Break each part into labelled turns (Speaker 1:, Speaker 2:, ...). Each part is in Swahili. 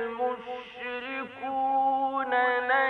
Speaker 1: المشركون لن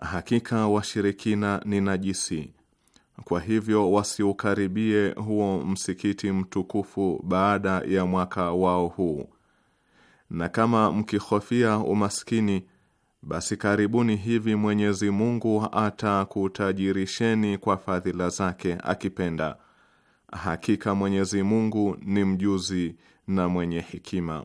Speaker 2: Hakika washirikina ni najisi, kwa hivyo wasiukaribie huo msikiti mtukufu baada ya mwaka wao huu. Na kama mkihofia umaskini, basi karibuni hivi Mwenyezi Mungu atakutajirisheni kwa fadhila zake akipenda. Hakika Mwenyezi Mungu ni mjuzi na mwenye hekima.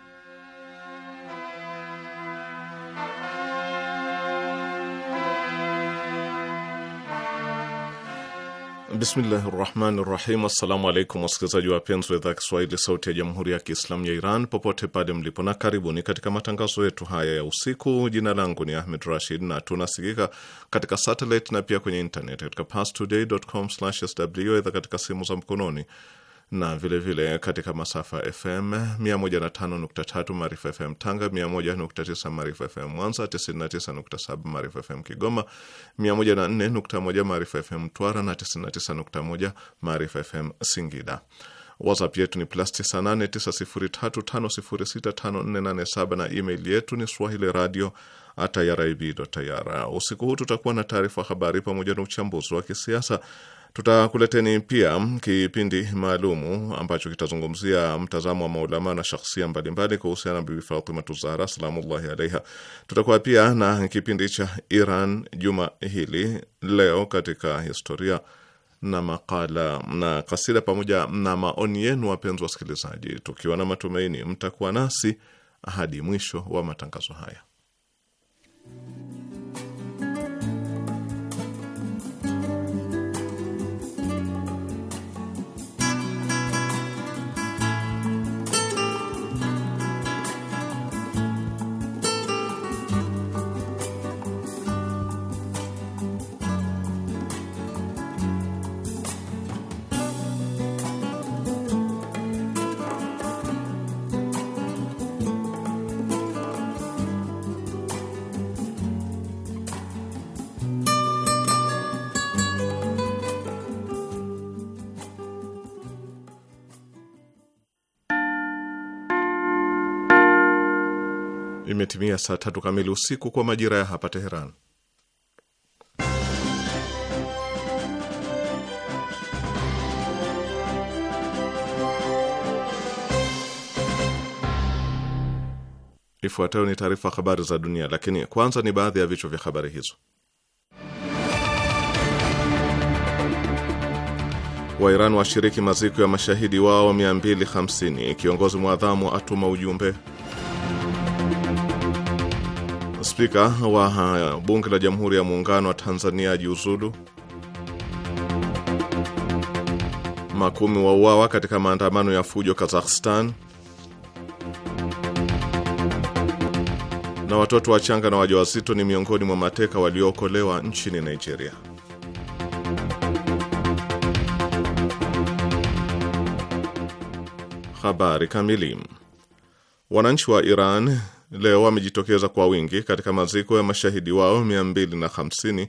Speaker 2: Bismillahi rahmani rahim. Assalamu alaikum wasikilizaji wapenzi wa idhaa Kiswahili sauti ya jamhuri ya Kiislamu ya Iran popote pale mlipo, na karibuni katika matangazo yetu haya ya usiku. Jina langu ni Ahmed Rashid na tunasikika katika satelit na pia kwenye internet katika pastoday.com/sw, aidha katika simu za mkononi na vilevile vile katika masafa FM 105.3 Maarifa FM Tanga, 101.9 Maarifa FM Mwanza, 99.7 Maarifa FM Kigoma, 104.1 Maarifa FM Mtwara na 99.1 Maarifa FM Singida. WhatsApp yetu ni plus 989035065487 na email yetu ni swahili radio irib.ir. Usiku huu tutakuwa na taarifa habari pamoja na uchambuzi wa kisiasa Tutakuleteni pia kipindi maalumu ambacho kitazungumzia mtazamo wa maulama na shakhsia mbalimbali kuhusiana na Bibi Fatimatu Zahra salamullahi alaiha. Tutakuwa pia na kipindi cha Iran juma hili, leo katika historia na makala na kasida, pamoja na maoni yenu, wapenzi wasikilizaji, tukiwa na matumaini mtakuwa nasi hadi mwisho wa matangazo haya. imetimia saa tatu kamili usiku kwa majira ya hapa Teheran. Ifuatayo ni taarifa habari za dunia, lakini kwanza ni baadhi ya vichwa vya habari hizo. Wairan washiriki maziko ya mashahidi wao 250. Kiongozi mwadhamu atuma ujumbe spika wa bunge la Jamhuri ya Muungano wa Tanzania ajiuzulu. Makumi wa uawa katika maandamano ya fujo Kazakhstan. Na watoto wachanga na wajawazito ni miongoni mwa mateka waliookolewa nchini Nigeria. Habari kamili. Wananchi wa Iran leo wamejitokeza kwa wingi katika maziko ya mashahidi wao 250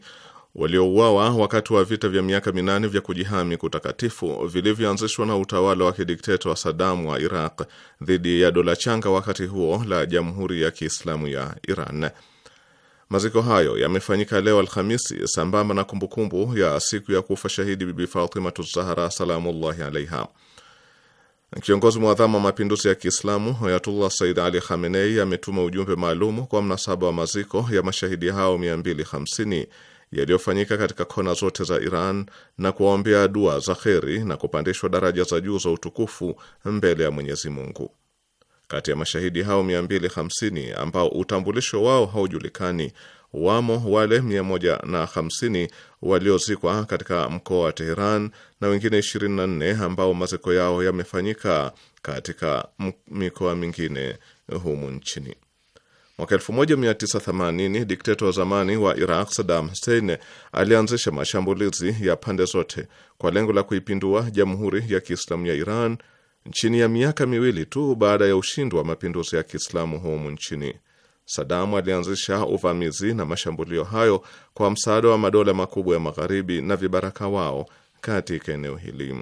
Speaker 2: waliouawa wakati wa vita vya miaka minane vya kujihami kutakatifu vilivyoanzishwa na utawala wa kidikteta wa Sadamu wa Iraq dhidi ya dola changa wakati huo la Jamhuri ya Kiislamu ya Iran. Maziko hayo yamefanyika leo Alhamisi sambamba na kumbukumbu ya siku ya kufa shahidi Bibi Fatimatu Zahra salamullahi alaiha. Kiongozi mwadhamu wa mapinduzi ya Kiislamu Ayatullah Said Ali Khamenei ametuma ujumbe maalumu kwa mnasaba wa maziko ya mashahidi hao 250 yaliyofanyika katika kona zote za Iran na kuwaombea dua za kheri na kupandishwa daraja za juu za utukufu mbele ya Mwenyezi Mungu. Kati ya mashahidi hao 250 ambao utambulisho wao haujulikani wamo wale 150 waliozikwa katika mkoa wa Teheran na wengine 24 ambao maziko yao yamefanyika katika mikoa mingine humu nchini. Mwaka 1980 dikteta wa zamani wa Iraq Saddam Hussein alianzisha mashambulizi ya pande zote kwa lengo la kuipindua Jamhuri ya Kiislamu ya Iran chini ya miaka miwili tu baada ya ushindi wa mapinduzi ya Kiislamu humu nchini. Sadamu alianzisha uvamizi na mashambulio hayo kwa msaada wa madola makubwa ya magharibi na vibaraka wao katika eneo hili.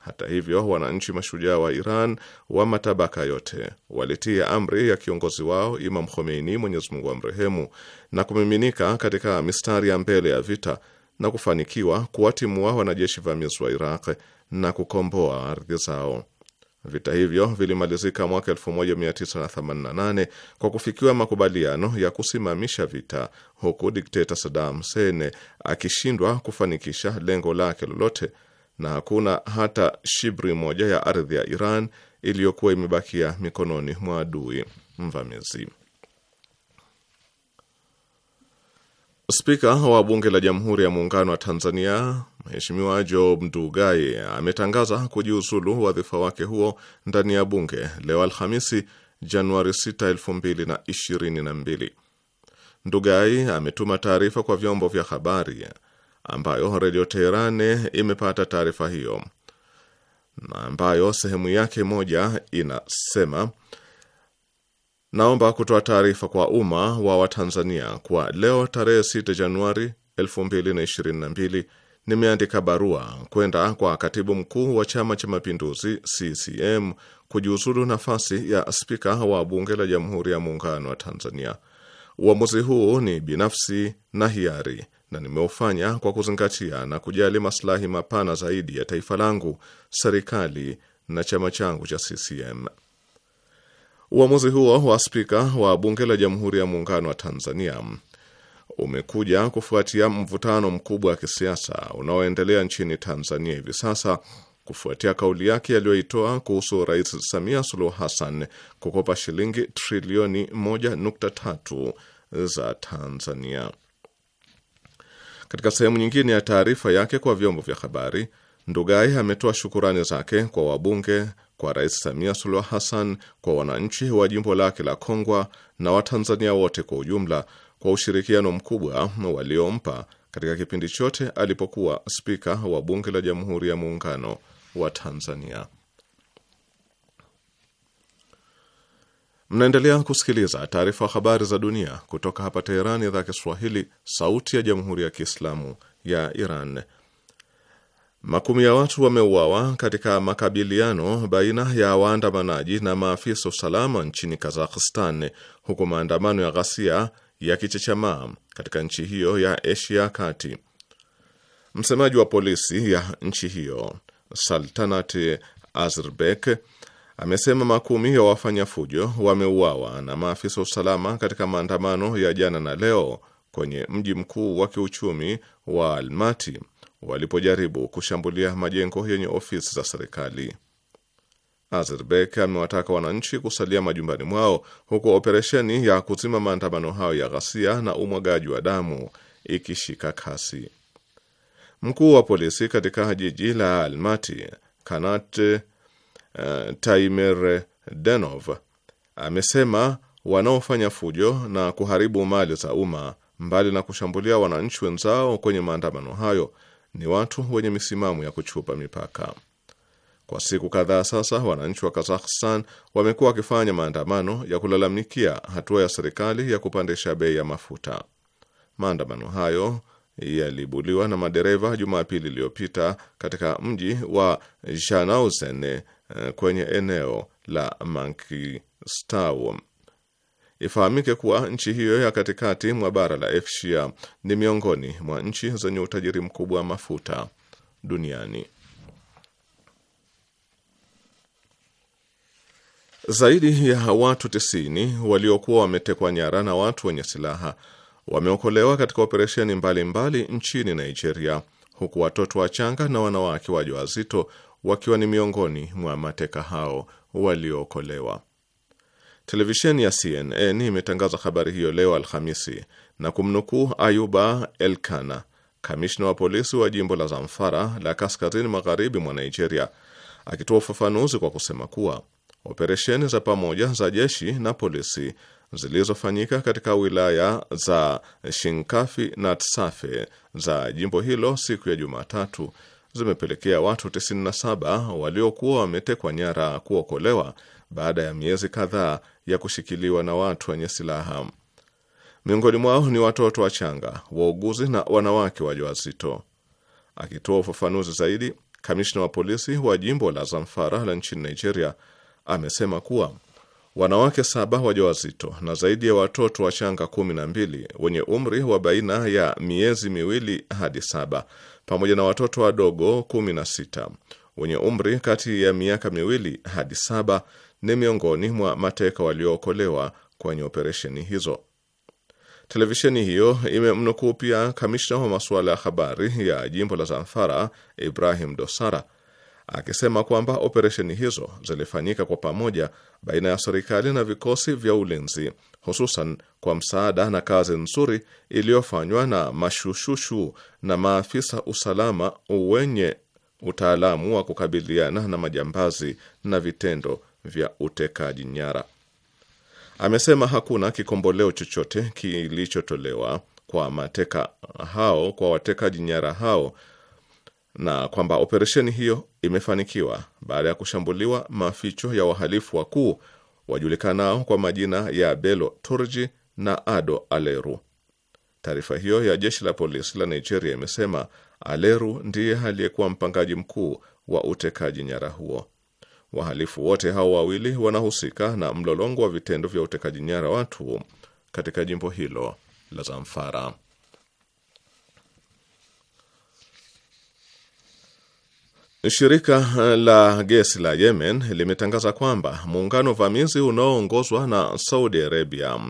Speaker 2: Hata hivyo, wananchi mashujaa wa Iran wa matabaka yote walitia amri ya kiongozi wao Imam Khomeini, Mwenyezi Mungu amrehemu, na kumiminika katika mistari ya mbele ya vita na kufanikiwa kuwatimua wanajeshi vamizi wa Iraq na kukomboa ardhi zao. Vita hivyo vilimalizika mwaka 1988 kwa kufikiwa makubaliano ya kusimamisha vita, huku dikteta Saddam Hussein akishindwa kufanikisha lengo lake lolote, na hakuna hata shibri moja ya ardhi ya Iran iliyokuwa imebakia mikononi mwa adui mvamizi. Spika wa Bunge la Jamhuri ya Muungano wa Tanzania Mheshimiwa Job Ndugai ametangaza kujiuzulu wadhifa wake huo ndani ya bunge leo Alhamisi, Januari 6, 2022. Ndugai ametuma taarifa kwa vyombo vya habari ambayo Redio Teherane imepata taarifa hiyo na ambayo sehemu yake moja inasema Naomba kutoa taarifa kwa umma wa Watanzania kwa leo tarehe 6 Januari 2022 nimeandika barua kwenda kwa katibu mkuu wa Chama cha Mapinduzi CCM kujiuzulu nafasi ya spika wa Bunge la Jamhuri ya Muungano wa Tanzania. Uamuzi huu ni binafsi na hiari na nimeufanya kwa kuzingatia na kujali maslahi mapana zaidi ya taifa langu, serikali na chama changu cha CCM. Uamuzi huo wa spika wa Bunge la Jamhuri ya Muungano wa Tanzania umekuja kufuatia mvutano mkubwa wa kisiasa unaoendelea nchini Tanzania hivi sasa kufuatia kauli yake aliyoitoa kuhusu Rais Samia Suluhu Hassan kukopa shilingi trilioni 1.3 za Tanzania. Katika sehemu nyingine ya taarifa yake kwa vyombo vya habari, Ndugai ametoa shukurani zake kwa wabunge, kwa Rais Samia Suluhu Hassan, kwa wananchi wa jimbo lake la Kongwa na Watanzania wote kwa ujumla kwa ushirikiano mkubwa waliompa katika kipindi chote alipokuwa spika wa bunge la Jamhuri ya Muungano wa Tanzania. Mnaendelea kusikiliza taarifa habari za dunia kutoka hapa Teherani, idhaa Kiswahili, sauti ya Jamhuri ya Kiislamu ya Iran. Makumi ya watu wameuawa katika makabiliano baina ya waandamanaji na maafisa usalama nchini Kazakhstan, huku maandamano ya ghasia yakichechemaa katika nchi hiyo ya Asia Kati. Msemaji wa polisi ya nchi hiyo Saltanat Azirbek amesema makumi ya wafanya fujo wameuawa na maafisa usalama katika maandamano ya jana na leo kwenye mji mkuu wa kiuchumi wa Almati walipojaribu kushambulia majengo yenye ofisi za serikali. Azerbek amewataka wananchi kusalia majumbani mwao huku operesheni ya kuzima maandamano hayo ya ghasia na umwagaji wa damu ikishika kasi. Mkuu wa polisi katika jiji la Almati, Kanat uh, Denov amesema wanaofanya fujo na kuharibu mali za umma, mbali na kushambulia wananchi wenzao kwenye maandamano hayo, ni watu wenye misimamo ya kuchupa mipaka. Kwa siku kadhaa sasa, wananchi wa Kazakhstan wamekuwa wakifanya maandamano ya kulalamikia hatua ya serikali ya kupandisha bei ya mafuta. Maandamano hayo yalibuliwa na madereva Jumapili iliyopita katika mji wa shanausen eh, kwenye eneo la mankistau Ifahamike kuwa nchi hiyo ya katikati mwa bara la Asia ni miongoni mwa nchi zenye utajiri mkubwa wa mafuta duniani. Zaidi ya watu tisini waliokuwa wametekwa nyara na watu wenye silaha wameokolewa katika operesheni mbalimbali nchini Nigeria, huku watoto wachanga na wanawake wajawazito wakiwa ni miongoni mwa mateka hao waliookolewa. Televisheni ya CNN imetangaza habari hiyo leo Alhamisi na kumnukuu Ayuba Elkana, kamishna wa polisi wa jimbo la Zamfara la kaskazini magharibi mwa Nigeria, akitoa ufafanuzi kwa kusema kuwa Operesheni za pamoja za jeshi na polisi zilizofanyika katika wilaya za Shinkafi na Tsafe za jimbo hilo siku ya Jumatatu zimepelekea watu 97 waliokuwa wametekwa nyara kuokolewa baada ya miezi kadhaa ya kushikiliwa na watu wenye silaha. Miongoni mwao ni watoto wachanga, wauguzi na wanawake wajawazito. Akitoa ufafanuzi zaidi, kamishna wa polisi wa jimbo la Zamfara la nchini Nigeria amesema kuwa wanawake saba wajawazito na zaidi ya watoto wachanga kumi na mbili wenye umri wa baina ya miezi miwili hadi saba pamoja na watoto wadogo kumi na sita wenye umri kati ya miaka miwili hadi saba ni miongoni mwa mateka waliookolewa kwenye operesheni hizo. Televisheni hiyo imemnukuu pia kamishna wa masuala ya habari ya jimbo la Zamfara Ibrahim Dosara akisema kwamba operesheni hizo zilifanyika kwa pamoja baina ya serikali na vikosi vya ulinzi, hususan kwa msaada na kazi nzuri iliyofanywa na mashushushu na maafisa usalama wenye utaalamu wa kukabiliana na majambazi na vitendo vya utekaji nyara. Amesema hakuna kikomboleo chochote kilichotolewa kwa mateka hao kwa watekaji nyara hao na kwamba operesheni hiyo imefanikiwa baada ya kushambuliwa maficho ya wahalifu wakuu wajulikanao kwa majina ya Bello Turji na Ado Aleru. Taarifa hiyo ya jeshi la polisi la Nigeria imesema Aleru ndiye aliyekuwa mpangaji mkuu wa utekaji nyara huo. Wahalifu wote hao wawili wanahusika na mlolongo wa vitendo vya utekaji nyara watu katika jimbo hilo la Zamfara. Shirika eh, la gesi la Yemen limetangaza kwamba muungano vamizi unaoongozwa na Saudi Arabia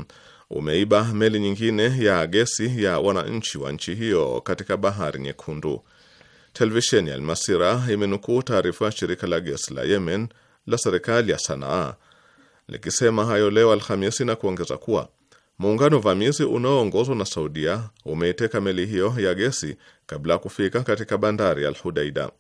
Speaker 2: umeiba meli nyingine ya gesi ya wananchi wa nchi hiyo katika bahari Nyekundu. Televisheni ya Almasira imenukuu taarifa ya shirika la gesi la Yemen la serikali ya Sanaa likisema hayo leo Alhamisi na kuongeza kuwa muungano vamizi unaoongozwa na Saudia umeiteka meli hiyo ya gesi kabla ya kufika katika bandari ya Hudaida.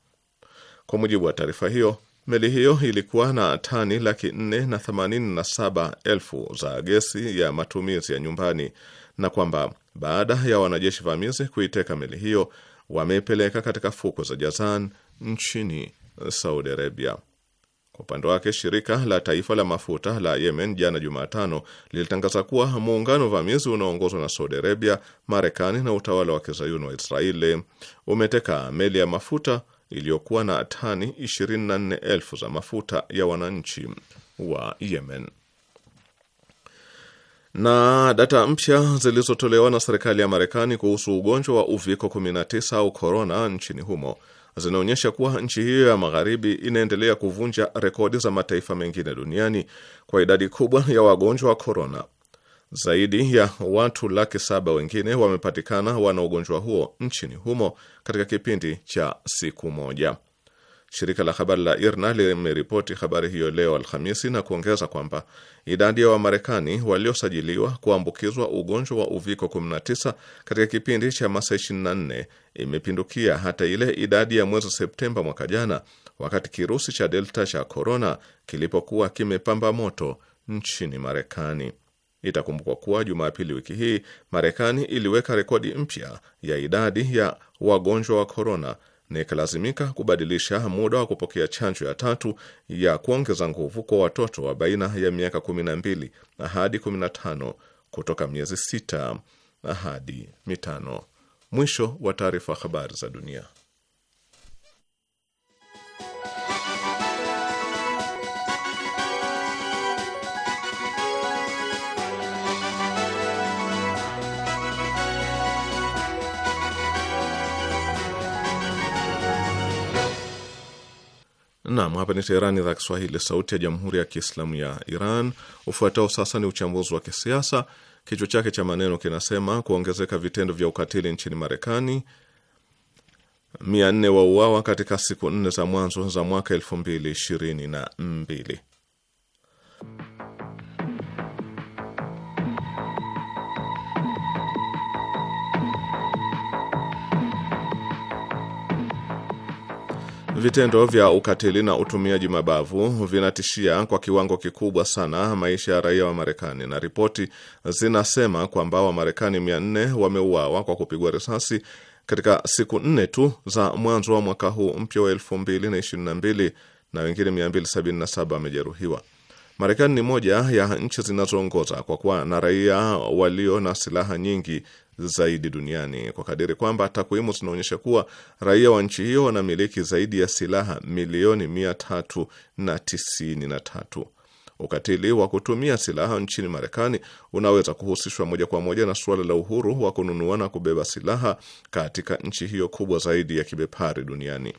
Speaker 2: Kwa mujibu wa taarifa hiyo, meli hiyo ilikuwa na tani laki nne na themanini na saba elfu za gesi ya matumizi ya nyumbani na kwamba baada ya wanajeshi vamizi kuiteka meli hiyo wameipeleka katika fukwe za Jazan nchini Saudi Arabia. Kwa upande wake, shirika la taifa la mafuta la Yemen jana Jumatano lilitangaza kuwa muungano vamizi unaoongozwa na Saudi Arabia, Marekani na utawala wa kizayuni wa Israeli umeteka meli ya mafuta iliyokuwa na tani 24,000 za mafuta ya wananchi wa Yemen. Na data mpya zilizotolewa na serikali ya Marekani kuhusu ugonjwa wa uviko 19 au korona nchini humo zinaonyesha kuwa nchi hiyo ya magharibi inaendelea kuvunja rekodi za mataifa mengine duniani kwa idadi kubwa ya wagonjwa wa korona zaidi ya watu laki saba wengine wamepatikana wana ugonjwa huo nchini humo katika kipindi cha siku moja. Shirika la habari la IRNA limeripoti habari hiyo leo Alhamisi na kuongeza kwamba idadi ya Wamarekani waliosajiliwa kuambukizwa ugonjwa wa uviko 19 katika kipindi cha masaa 24 imepindukia hata ile idadi ya mwezi Septemba mwaka jana, wakati kirusi cha Delta cha korona kilipokuwa kimepamba moto nchini Marekani. Itakumbukwa kuwa Jumapili wiki hii Marekani iliweka rekodi mpya ya idadi ya wagonjwa wa korona na ikalazimika kubadilisha muda wa kupokea chanjo ya tatu ya kuongeza nguvu kwa watoto wa baina ya miaka 12 hadi 15 kutoka miezi sita hadi mitano. Mwisho wa taarifa. Habari za dunia. Nam, hapa ni Teherani, idhaa Kiswahili, sauti ya jamhuri ya kiislamu ya Iran. Ufuatao sasa ni uchambuzi wa kisiasa, kichwa chake cha maneno kinasema kuongezeka vitendo vya ukatili nchini Marekani, mia nne wauawa katika siku nne za mwanzo za mwaka elfu mbili ishirini na mbili. Vitendo vya ukatili na utumiaji mabavu vinatishia kwa kiwango kikubwa sana maisha ya raia wa Marekani, na ripoti zinasema kwamba Wamarekani 400 wameuawa kwa kupigwa risasi katika siku nne tu za mwanzo wa mwaka huu mpya wa 2022 na wengine 277 wamejeruhiwa. Marekani ni moja ya nchi zinazoongoza kwa kuwa na raia walio na silaha nyingi zaidi duniani kwa kadiri kwamba takwimu zinaonyesha kuwa raia wa nchi hiyo wanamiliki zaidi ya silaha milioni mia tatu na tisini na tatu. Ukatili wa kutumia silaha nchini Marekani unaweza kuhusishwa moja kwa moja na suala la uhuru wa kununua na kubeba silaha katika nchi hiyo kubwa zaidi ya kibepari duniani.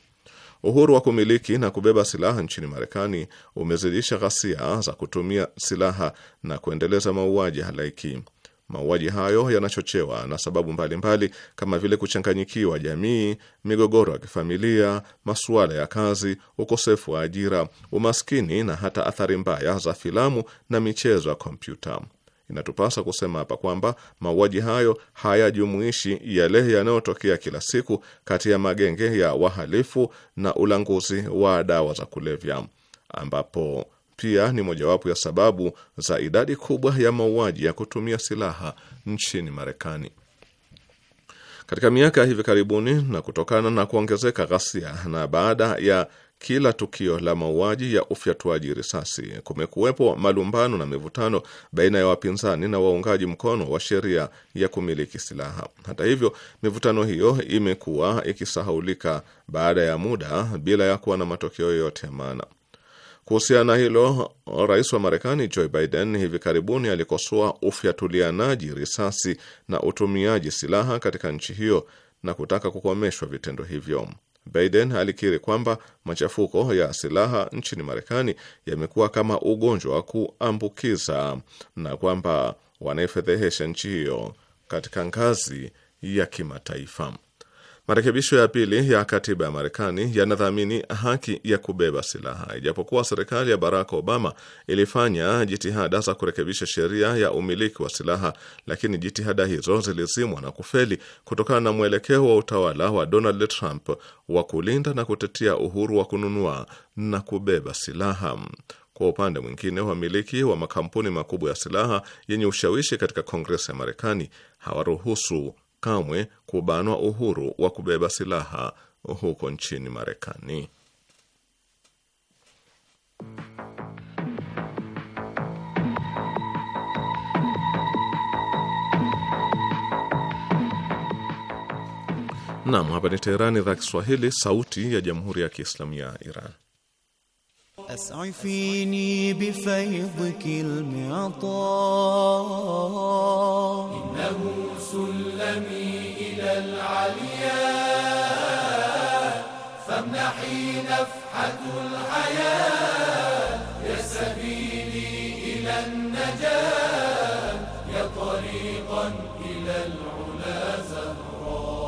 Speaker 2: Uhuru wa kumiliki na kubeba silaha nchini Marekani umezidisha ghasia za kutumia silaha na kuendeleza mauaji halaiki. Mauaji hayo yanachochewa na sababu mbalimbali mbali, kama vile kuchanganyikiwa jamii, migogoro ya kifamilia, masuala ya kazi, ukosefu wa ajira, umaskini na hata athari mbaya za filamu na michezo ya kompyuta. Inatupasa kusema hapa kwamba mauaji hayo hayajumuishi yale yanayotokea kila siku kati ya magenge ya wahalifu na ulanguzi wa dawa za kulevya ambapo pia ni mojawapo ya sababu za idadi kubwa ya mauaji ya kutumia silaha nchini Marekani. Katika miaka ya hivi karibuni na kutokana na kuongezeka ghasia na baada ya kila tukio la mauaji ya ufyatuaji risasi, kumekuwepo malumbano na mivutano baina ya wapinzani na waungaji mkono wa sheria ya kumiliki silaha. Hata hivyo, mivutano hiyo imekuwa ikisahaulika baada ya muda bila ya kuwa na matokeo yoyote ya maana. Kuhusiana hilo, rais wa Marekani Joe Biden hivi karibuni alikosoa ufyatulianaji risasi na utumiaji silaha katika nchi hiyo na kutaka kukomeshwa vitendo hivyo. Biden alikiri kwamba machafuko ya silaha nchini Marekani yamekuwa kama ugonjwa wa kuambukiza na kwamba wanaifedhehesha nchi hiyo katika ngazi ya kimataifa. Marekebisho ya pili ya katiba ya Marekani yanadhamini haki ya kubeba silaha. Ijapokuwa serikali ya Barack Obama ilifanya jitihada za kurekebisha sheria ya umiliki wa silaha, lakini jitihada hizo zilizimwa na kufeli kutokana na mwelekeo wa utawala wa Donald Trump wa kulinda na kutetea uhuru wa kununua na kubeba silaha. Kwa upande mwingine, wamiliki wa makampuni makubwa ya silaha yenye ushawishi katika Kongresi ya Marekani hawaruhusu kamwe kubanwa uhuru wa kubeba silaha huko nchini Marekani. Naam, hapa ni Teherani, idhaa Kiswahili, sauti ya jamhuri ya kiislamu ya Iran.
Speaker 3: أسعفيني بفيضك المعطاء إنه سلمي إلى العلياء فامنحي نفحة الحياة يا سبيلي إلى النجاة
Speaker 2: يا طريقا إلى العلا زهرا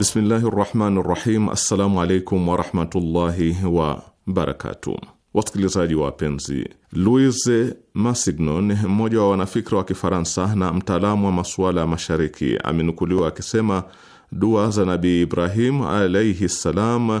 Speaker 2: بسم الله الرحمن الرحيم السلام عليكم ورحمة الله وبركاته barakatu. Wasikilizaji wapenzi, Louis Massignon, mmoja wa wanafikra wa Kifaransa na mtaalamu wa masuala ya Mashariki, amenukuliwa akisema dua za Nabii Ibrahim alaihi ssalam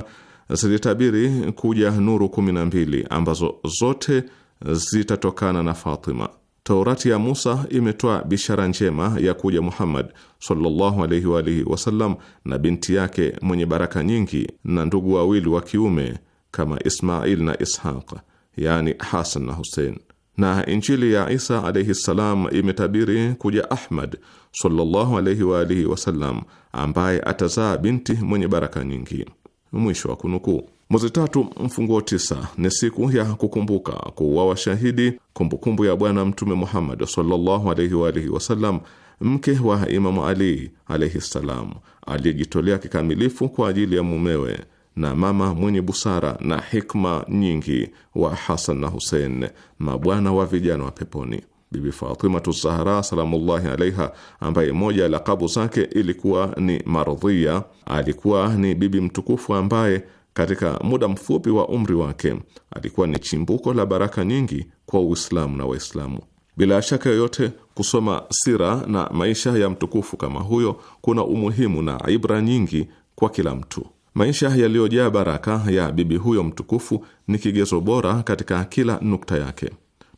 Speaker 2: zilitabiri kuja nuru kumi na mbili ambazo zote zitatokana na Fatima. Taurati ya Musa imetoa bishara njema ya kuja Muhammad sallallahu alaihi wa alihi wasallam na binti yake mwenye baraka nyingi na ndugu wawili wa kiume kama Ismail na Ishaq, yani Hasan na Husein. Na Injili ya Isa alaihi ssalam imetabiri kuja Ahmad sallallahu alaihi wa alihi wasallam, ambaye atazaa binti mwenye baraka nyingi. Mwisho wa kunukuu. Mwezi tatu mfunguo tisa ni siku ya kukumbuka kuuawa shahidi, kumbukumbu ya Bwana Mtume Muhammad sallallahu alaihi wa alihi wasallam, mke wa Imamu Ali alaihi ssalam, aliyejitolea kikamilifu kwa ajili ya mumewe na mama mwenye busara na hikma nyingi wa Hasan na Husein, mabwana wa vijana wa peponi. Bibi Fatimatu Zahra salamullahi alaiha, ambaye moja ya lakabu zake ilikuwa ni Mardhiya, alikuwa ni bibi mtukufu ambaye katika muda mfupi wa umri wake alikuwa ni chimbuko la baraka nyingi kwa Uislamu na Waislamu. Bila shaka yoyote, kusoma sira na maisha ya mtukufu kama huyo kuna umuhimu na ibra nyingi kwa kila mtu. Maisha yaliyojaa baraka ya bibi huyo mtukufu ni kigezo bora katika kila nukta yake.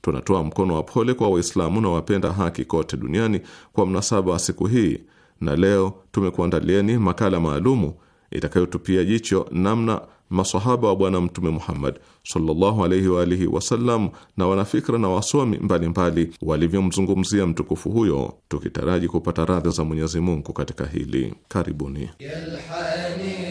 Speaker 2: Tunatoa mkono wa pole kwa Waislamu na wapenda haki kote duniani kwa mnasaba wa siku hii, na leo tumekuandalieni makala maalumu itakayotupia jicho namna masahaba wa Bwana Mtume Muhammad sallallahu alaihi wa alihi wasallam na wanafikra na wasomi mbalimbali walivyomzungumzia mtukufu huyo, tukitaraji kupata radhi za Mwenyezi Mungu katika hili. Karibuni
Speaker 1: Yalhani.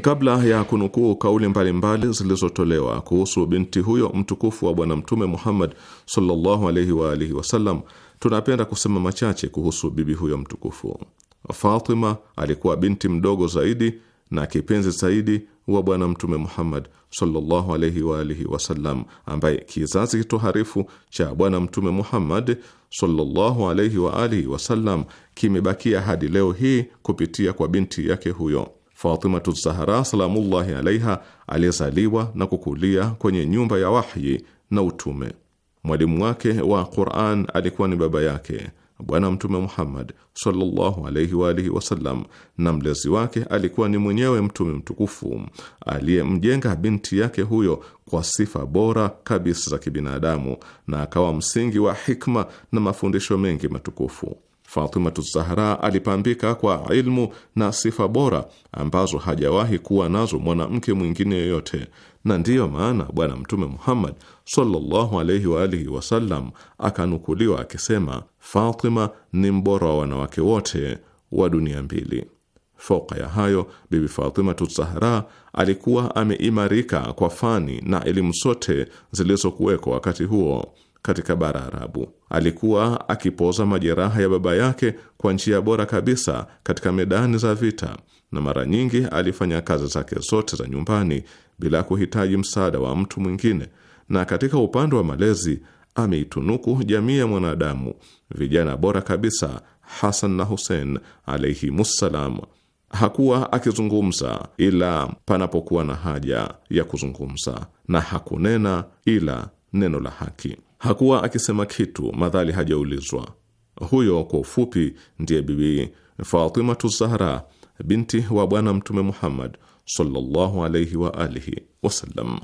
Speaker 2: Kabla ya kunukuu kauli mbalimbali zilizotolewa kuhusu binti huyo mtukufu wa Bwana Mtume Muhammad sallallahu alaihi wa wasallam, tunapenda kusema machache kuhusu bibi huyo mtukufu. Fatima alikuwa binti mdogo zaidi na kipenzi zaidi wa Bwana Mtume Muhammad sallallahu alaihi wa alihi wasallam, ambaye kizazi kitoharifu cha Bwana Mtume Muhammad sallallahu alaihi wa alihi wasallam kimebakia hadi leo hii kupitia kwa binti yake huyo Fatimatu Zahra salamullahi alaiha, aliyezaliwa na kukulia kwenye nyumba ya wahyi na utume. Mwalimu wake wa Quran alikuwa ni baba yake Bwana Mtume Muhammad sallallahu alaihi wa alihi wasallam na mlezi wake alikuwa ni mwenyewe Mtume mtukufu aliyemjenga binti yake huyo kwa sifa bora kabisa za kibinadamu na akawa msingi wa hikma na mafundisho mengi matukufu. Fatimatu Zahra alipambika kwa ilmu na sifa bora ambazo hajawahi kuwa nazo mwanamke mwingine yoyote na ndiyo maana Bwana Mtume Muhammad sallallahu alaihi wa alihi wasallam akanukuliwa akisema, Fatima ni mbora wa wanawake wote wa dunia mbili. Fauka ya hayo, Bibi Fatima Tuzzahra alikuwa ameimarika kwa fani na elimu zote zilizokuwekwa wakati huo katika bara Arabu. Alikuwa akipoza majeraha ya baba yake kwa njia bora kabisa katika medani za vita, na mara nyingi alifanya kazi zake zote za nyumbani bila kuhitaji msaada wa mtu mwingine. Na katika upande wa malezi ameitunuku jamii ya mwanadamu vijana bora kabisa, Hasan na Husein alaihimussalam. Hakuwa akizungumza ila panapokuwa na haja ya kuzungumza, na hakunena ila neno la haki. Hakuwa akisema kitu madhali hajaulizwa. Huyo kwa ufupi ndiye Bibi Fatimatu Zahra, binti wa Bwana Mtume Muhammad sallallahu alayhi wa alihi wasallam.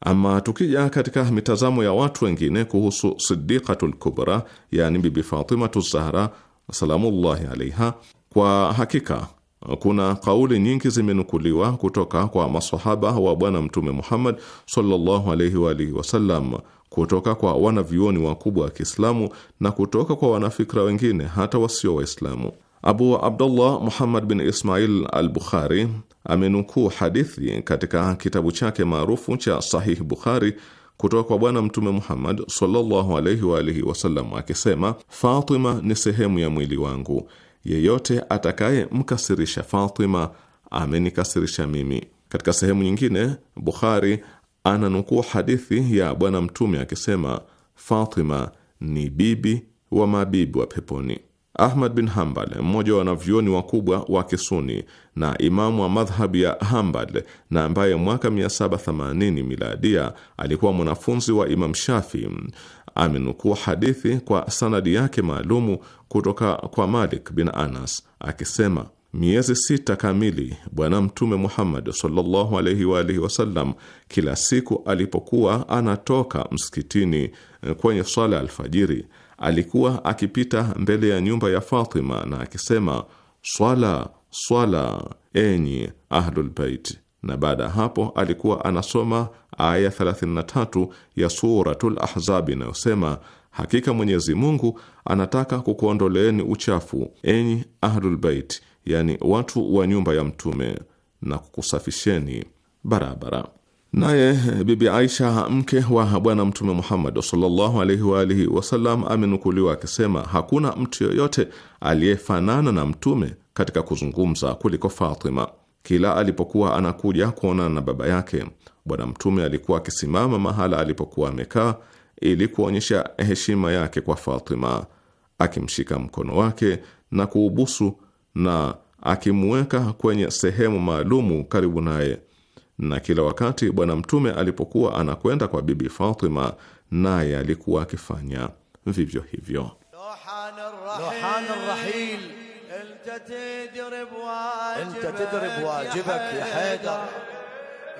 Speaker 2: Ama tukija katika mitazamo ya watu wengine kuhusu Siddiqatul Kubra, yani Bibi Fatimatu Zahra salamullahi alaiha, kwa hakika kuna kauli nyingi zimenukuliwa kutoka kwa masahaba wa Bwana Mtume Muhammad sallallahu alaihi wa alihi wasallam, kutoka kwa wanavyuoni wakubwa wa Kiislamu na kutoka kwa wanafikra wengine hata wasio Waislamu. Abu Abdullah Muhammad bin Ismail al Bukhari amenukuu hadithi katika kitabu chake maarufu cha Sahih Bukhari kutoka kwa Bwana Mtume Muhammad sallallahu alaihi wa alihi wasallam akisema, Fatima ni sehemu ya mwili wangu yeyote atakayemkasirisha Fatima amenikasirisha mimi. Katika sehemu nyingine, Bukhari ananukuu hadithi ya Bwana Mtume akisema, Fatima ni bibi wa mabibi wa peponi. Ahmad bin Hambal, mmoja wa wanavyuoni wakubwa wa Kisuni na imamu wa madhhabu ya Hambal, na ambaye mwaka 780 miladia alikuwa mwanafunzi wa Imam Shafi, amenukuu hadithi kwa sanadi yake maalumu kutoka kwa Malik bin Anas akisema, miezi sita kamili Bwana Mtume Muhammad sallallahu alaihi wa alihi wasallam kila siku alipokuwa anatoka msikitini eh, kwenye swala alfajiri, alikuwa akipita mbele ya nyumba ya Fatima na akisema, swala swala, enyi ahlulbeit na baada ya hapo alikuwa anasoma aya 33 ya Suratul Ahzab inayosema, hakika Mwenyezi Mungu anataka kukuondoleeni uchafu enyi ahlulbeit yani watu wa nyumba ya Mtume, na kukusafisheni barabara. Naye Bibi Aisha mke wa Bwana Mtume Muhammad sallallahu alaihi wa alihi wasallam amenukuliwa akisema, hakuna mtu yoyote aliyefanana na Mtume katika kuzungumza kuliko Fatima. Kila alipokuwa anakuja kuonana na baba yake, Bwana Mtume alikuwa akisimama mahala alipokuwa amekaa ili kuonyesha heshima yake kwa Fatima, akimshika mkono wake na kuubusu na akimweka kwenye sehemu maalumu karibu naye. Na kila wakati Bwana Mtume alipokuwa anakwenda kwa Bibi Fatima, naye alikuwa akifanya vivyo hivyo. Lohana
Speaker 3: rahil. Lohana rahil. انت
Speaker 4: تدرب واجبك انت تدرب واجبك يا حيدر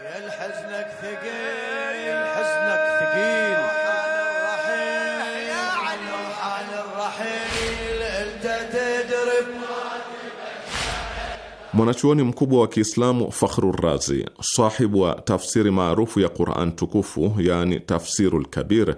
Speaker 3: يا حزنك ثقيل حزنك ثقيل وحال الرحيل يا علي وحال الرحيل انت تدرب
Speaker 2: Mwanachuoni mkubwa wa Kiislamu Fakhrur Razi, sahibu wa tafsiri maarufu ya Quran tukufu, yaani Tafsirul Kabir,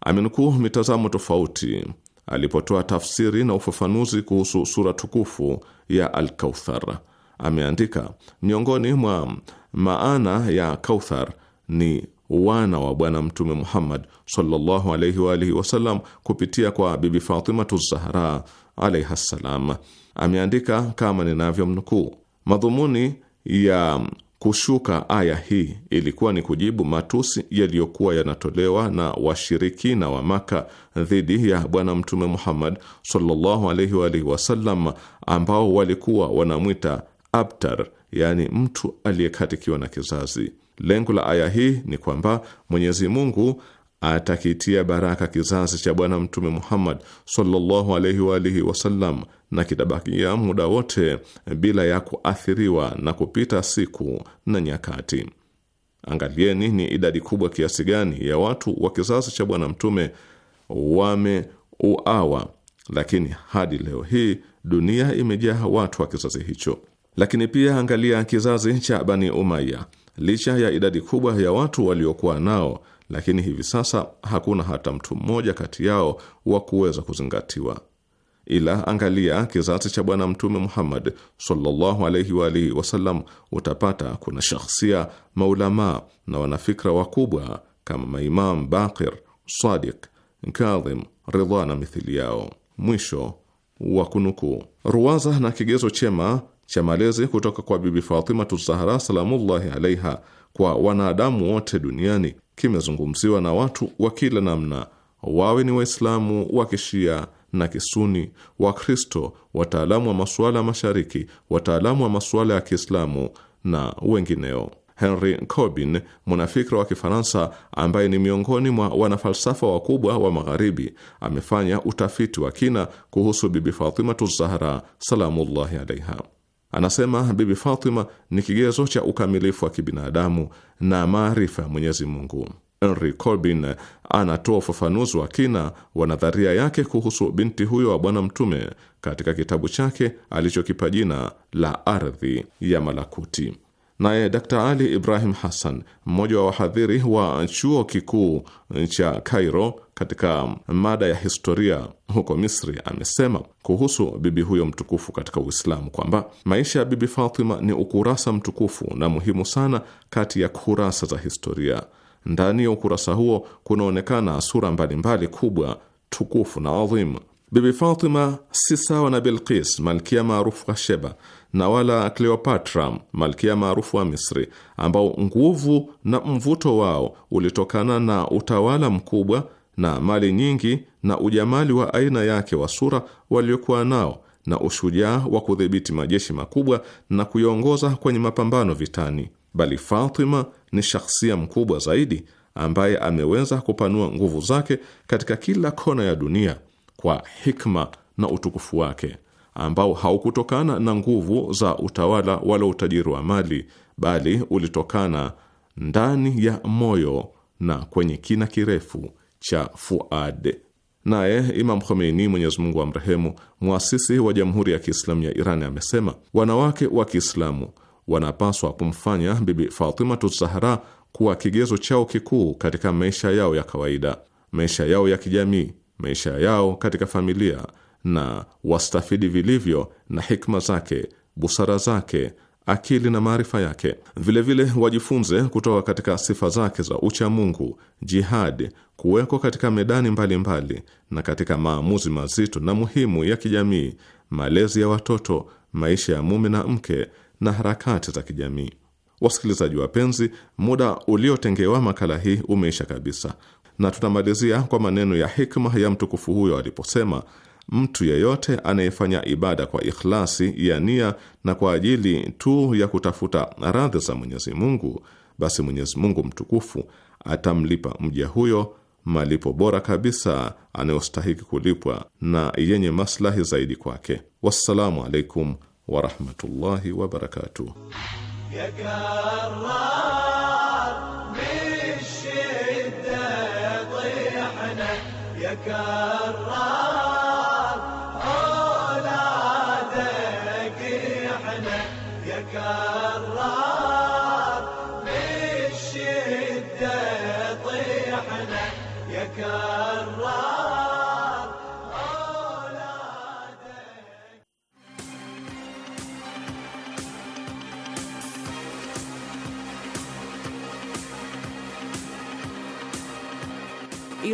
Speaker 2: amenukuu mitazamo tofauti alipotoa tafsiri na ufafanuzi kuhusu sura tukufu ya alkauthar Ameandika, miongoni mwa maana ya Kauthar ni wana wa Bwana Mtume Muhammad sallallahu alaihi wa alihi wasallam kupitia kwa Bibi Fatimatu Zahra alaiha ssalam. Ameandika kama ninavyomnukuu, madhumuni ya Kushuka aya hii ilikuwa ni kujibu matusi yaliyokuwa yanatolewa na washirikina wa Maka dhidi ya Bwana Mtume Muhammad sallallahu alaihi wa alihi wasallam, ambao walikuwa wanamwita abtar, yaani mtu aliyekatikiwa na kizazi. Lengo la aya hii ni kwamba Mwenyezi Mungu atakitia baraka kizazi cha Bwana Mtume Muhammad sallallahu alaihi wa alihi wasallam, na kitabakia muda wote bila ya kuathiriwa na kupita siku na nyakati. Angalieni ni idadi kubwa kiasi gani ya watu wa kizazi cha Bwana Mtume wameuawa, lakini hadi leo hii dunia imejaa watu wa kizazi hicho. Lakini pia angalia kizazi cha Bani Umaya, licha ya idadi kubwa ya watu waliokuwa nao lakini hivi sasa hakuna hata mtu mmoja kati yao wa kuweza kuzingatiwa. Ila angalia kizazi cha Bwana Mtume Muhammad sallallahu alaihi wa alihi wasallam, utapata kuna shakhsia maulamaa na wanafikra wakubwa kama maimam Baqir, Sadiq, Kadhim, Ridha na mithili yao. Mwisho wa kunukuu. Ruwaza na kigezo chema cha malezi kutoka kwa Bibi Fatimatu Zahra salamullahi alaiha kwa wanadamu wote duniani kimezungumziwa na watu wa kila namna, wawe ni Waislamu wa Kishia na Kisuni, Wakristo, wataalamu wa masuala ya mashariki, wataalamu wa masuala ya Kiislamu na wengineo. Henry Corbin, mwanafikra wa Kifaransa ambaye ni miongoni mwa wanafalsafa wakubwa wa Magharibi, amefanya utafiti wa kina kuhusu Bibi Fatimatu Zahra salamullahi alaiha. Anasema Bibi Fatima ni kigezo cha ukamilifu wa kibinadamu na maarifa ya Mwenyezi Mungu. Henry Corbin anatoa ufafanuzi wa kina wa nadharia yake kuhusu binti huyo wa Bwana Mtume katika kitabu chake alichokipa jina la Ardhi ya Malakuti. Naye Dr Ali Ibrahim Hassan, mmoja wa wahadhiri wa chuo kikuu cha Cairo katika mada ya historia huko Misri, amesema kuhusu bibi huyo mtukufu katika Uislamu kwamba maisha ya Bibi Fatima ni ukurasa mtukufu na muhimu sana kati ya kurasa za historia. Ndani ya ukurasa huo kunaonekana sura mbalimbali kubwa, tukufu na adhimu. Bibi Fatima si sawa na Bilqis, malkia maarufu wa Sheba na wala Cleopatra, malkia maarufu wa Misri, ambao nguvu na mvuto wao ulitokana na utawala mkubwa na mali nyingi na ujamali wa aina yake wa sura waliokuwa nao na ushujaa wa kudhibiti majeshi makubwa na kuiongoza kwenye mapambano vitani. Bali Fatima ni shahsia mkubwa zaidi ambaye ameweza kupanua nguvu zake katika kila kona ya dunia kwa hikma na utukufu wake ambao haukutokana na nguvu za utawala wala utajiri wa mali, bali ulitokana ndani ya moyo na kwenye kina kirefu cha fuad. Naye Imam Khomeini, Mwenyezi Mungu mrehemu mwasisi wa Jamhuri ya Kiislamu ya Iran, amesema wanawake wa Kiislamu wanapaswa kumfanya Bibi Fatimatu Zahra kuwa kigezo chao kikuu katika maisha yao ya kawaida, maisha yao ya kijamii, maisha yao katika familia na wastafidi vilivyo na hikma zake, busara zake, akili na maarifa yake. Vilevile vile wajifunze kutoka katika sifa zake za ucha mungu jihadi, kuwekwa katika medani mbalimbali mbali, na katika maamuzi mazito na muhimu ya kijamii, malezi ya watoto, maisha ya mume na mke na harakati za kijamii. Wasikilizaji wapenzi, muda uliotengewa makala hii umeisha kabisa, na tunamalizia kwa maneno ya hikma ya mtukufu huyo aliposema: mtu yeyote anayefanya ibada kwa ikhlasi ya nia na kwa ajili tu ya kutafuta radhi za Mwenyezi Mungu, basi Mwenyezi Mungu mtukufu atamlipa mja huyo malipo bora kabisa anayostahiki kulipwa na yenye maslahi zaidi kwake. Wassalamu alaikum warahmatullahi wabarakatuh.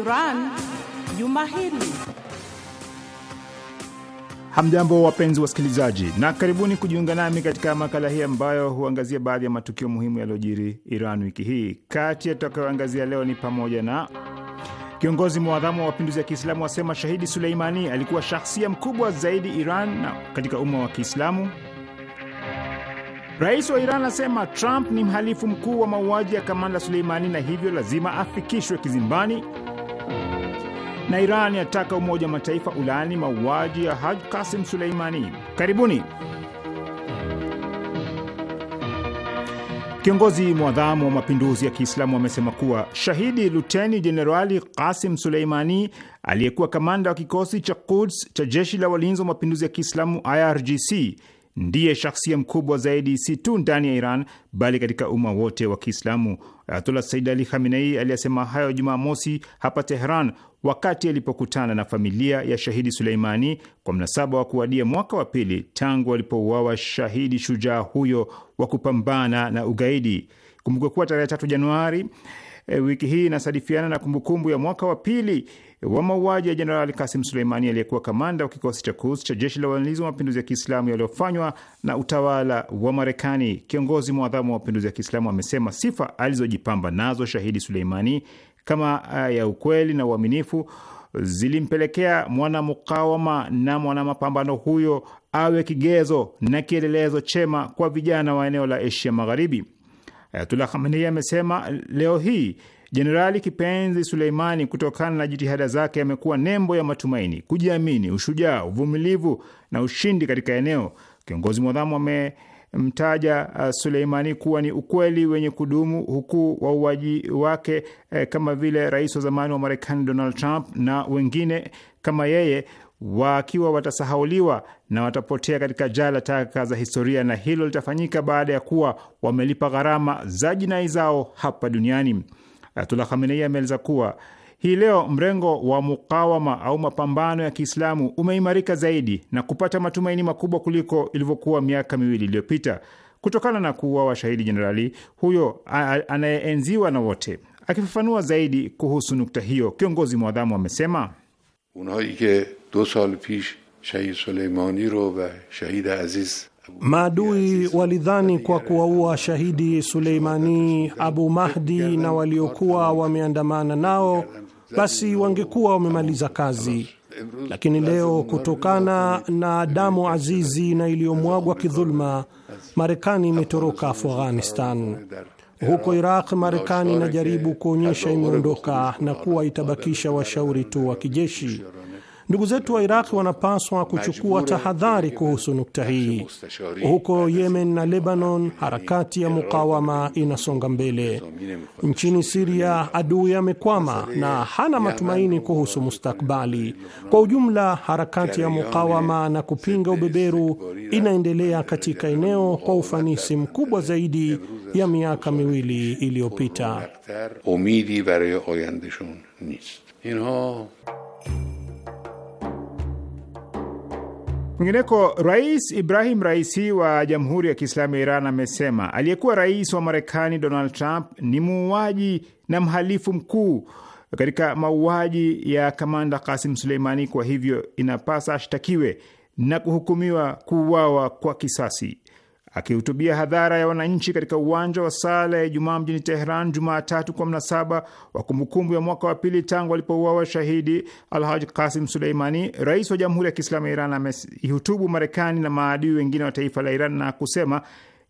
Speaker 4: Iran juma hili.
Speaker 5: Hamjambo, wapenzi wasikilizaji, na karibuni kujiunga nami katika makala hii ambayo huangazia baadhi ya matukio muhimu yaliyojiri Iran wiki hii. Kati ya tutakayoangazia leo ni pamoja na Kiongozi mwadhamu wa mapinduzi ya Kiislamu asema shahidi Suleimani alikuwa shahsia mkubwa zaidi Iran na katika umma wa Kiislamu. Rais wa Iran asema Trump ni mhalifu mkuu wa mauaji ya kamanda Suleimani na hivyo lazima afikishwe kizimbani na Iran yataka Umoja wa Mataifa ulaani mauaji ya Haj Kasim Suleimani. Karibuni. Kiongozi mwadhamu wa mapinduzi ya Kiislamu amesema kuwa shahidi luteni jenerali kasim Suleimani aliyekuwa kamanda wa kikosi cha Quds cha jeshi la walinzi wa mapinduzi ya Kiislamu IRGC ndiye shahsia mkubwa zaidi si tu ndani ya Iran bali katika umma wote wa Kiislamu. Ayatullah Said Ali Khamenei aliyesema hayo Jumaa mosi hapa Teheran wakati alipokutana na familia ya shahidi Suleimani kwa mnasaba wa kuwadia mwaka wa pili tangu alipouawa shahidi shujaa huyo wa kupambana na ugaidi. kumbuka kuwa tarehe tatu Januari e, wiki hii inasadifiana na kumbukumbu ya mwaka wa pili wa mauaji ya Jenerali Kasim Suleimani aliyekuwa kamanda wa kikosi cha Quds cha jeshi la walinzi wa mapinduzi ya Kiislamu yaliyofanywa na utawala wa Marekani. Kiongozi mwadhamu wa mapinduzi ya Kiislamu amesema sifa alizojipamba nazo shahidi Suleimani kama eh, ya ukweli na uaminifu zilimpelekea mwanamukawama na mwanamapambano huyo awe kigezo na kielelezo chema kwa vijana wa eneo la Asia Magharibi. Ayatullah Khamenei amesema leo hii Jenerali kipenzi Suleimani, kutokana na jitihada zake, amekuwa nembo ya matumaini, kujiamini, ushujaa, uvumilivu na ushindi katika eneo. Kiongozi mwadhamu amemtaja uh, Suleimani kuwa ni ukweli wenye kudumu, huku wauaji wake eh, kama vile rais wa zamani wa Marekani Donald Trump na wengine kama yeye wakiwa watasahauliwa na watapotea katika jala taka za historia, na hilo litafanyika baada ya kuwa wamelipa gharama za jinai zao hapa duniani. Ayatullah Khamenei ameeleza kuwa hii leo mrengo wa mukawama au mapambano ya Kiislamu umeimarika zaidi na kupata matumaini makubwa kuliko ilivyokuwa miaka miwili iliyopita kutokana na kuwa washahidi jenerali huyo anayeenziwa na wote. Akifafanua zaidi kuhusu nukta hiyo, kiongozi mwadhamu amesema
Speaker 3: unaike ke do sal pish shahid Suleimani ro va shahid aziz
Speaker 5: Maadui
Speaker 6: walidhani kwa kuwaua shahidi Suleimani, Abu Mahdi na waliokuwa wameandamana nao, basi wangekuwa wamemaliza kazi, lakini leo kutokana na damu azizi na iliyomwagwa kidhuluma, Marekani imetoroka Afghanistan. Huko Iraq, Marekani inajaribu kuonyesha imeondoka na kuwa itabakisha washauri tu wa kijeshi Ndugu zetu wa Iraqi wanapaswa kuchukua tahadhari kuhusu nukta hii. Huko Yemen na Lebanon, harakati ya mukawama inasonga mbele. Nchini Siria, adui amekwama na hana matumaini kuhusu mustakbali. Kwa ujumla, harakati ya mukawama na kupinga ubeberu inaendelea katika eneo kwa ufanisi mkubwa zaidi ya miaka miwili iliyopita.
Speaker 5: Kwingineko, Rais Ibrahim Raisi wa Jamhuri ya Kiislamu ya Iran amesema aliyekuwa rais wa Marekani Donald Trump ni muuaji na mhalifu mkuu katika mauaji ya kamanda Kasim Suleimani, kwa hivyo inapasa ashtakiwe na kuhukumiwa kuuawa kwa kisasi. Akihutubia hadhara ya wananchi katika uwanja wa sala ya Ijumaa mjini Teheran Jumatatu kwa mnasaba wa kumbukumbu ya mwaka wa pili tangu alipouawa shahidi Alhaj Kasim Suleimani, rais wa Jamhuri ya Kiislamu ya Iran ameihutubu Marekani na maadui wengine wa taifa la Iran na kusema,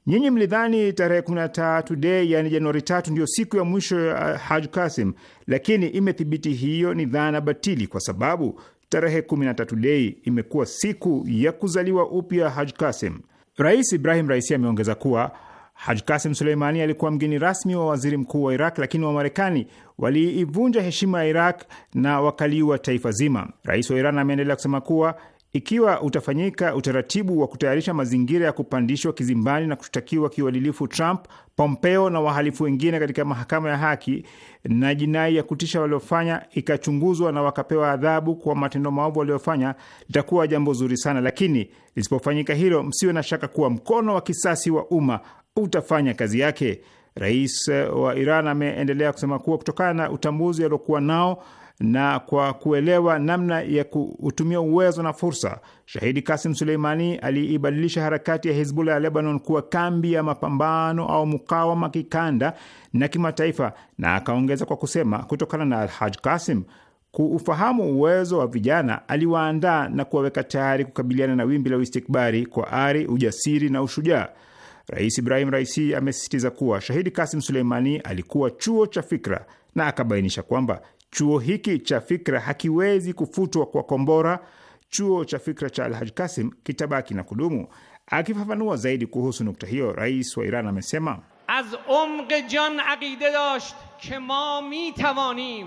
Speaker 5: nyinyi mlidhani tarehe 13 Dei, yani Januari tatu, ndiyo siku ya mwisho ya Haj Kasim, lakini imethibiti hiyo ni dhana batili, kwa sababu tarehe 13 Dei imekuwa siku ya kuzaliwa upya Haj Kasim. Rais Ibrahim Raisi ameongeza kuwa Haj Kasim Suleimani alikuwa mgeni rasmi wa waziri mkuu wa Iraq, lakini Wamarekani waliivunja heshima ya Iraq na wakaliua taifa zima. Rais wa Iran ameendelea kusema kuwa ikiwa utafanyika utaratibu wa kutayarisha mazingira ya kupandishwa kizimbani na kushtakiwa kiuadilifu Trump, Pompeo na wahalifu wengine katika mahakama ya haki na jinai ya kutisha waliofanya ikachunguzwa na wakapewa adhabu kwa matendo maovu waliofanya, litakuwa jambo zuri sana. Lakini lisipofanyika hilo, msiwe na shaka kuwa mkono wa kisasi wa umma utafanya kazi yake. Rais wa Iran ameendelea kusema kuwa kutokana na utambuzi aliokuwa nao na kwa kuelewa namna ya kuutumia uwezo na fursa, shahidi Kasim Suleimani aliibadilisha harakati ya Hizbullah ya Lebanon kuwa kambi ya mapambano au mukawama kikanda na kimataifa, na akaongeza kwa kusema, kutokana na Alhaj Kasim kuufahamu uwezo wa vijana, aliwaandaa na kuwaweka tayari kukabiliana na wimbi la uistikbari kwa ari, ujasiri na ushujaa. Rais Ibrahim Raisi amesisitiza kuwa shahidi Kasim Suleimani alikuwa chuo cha fikra na akabainisha kwamba Chuo hiki cha fikra hakiwezi kufutwa kwa kombora. Chuo cha fikra cha Alhaj Kasim kitabaki na kudumu. Akifafanua zaidi kuhusu nukta hiyo, rais wa Iran amesema
Speaker 1: az umq jan aqide dasht ke ma mitavanim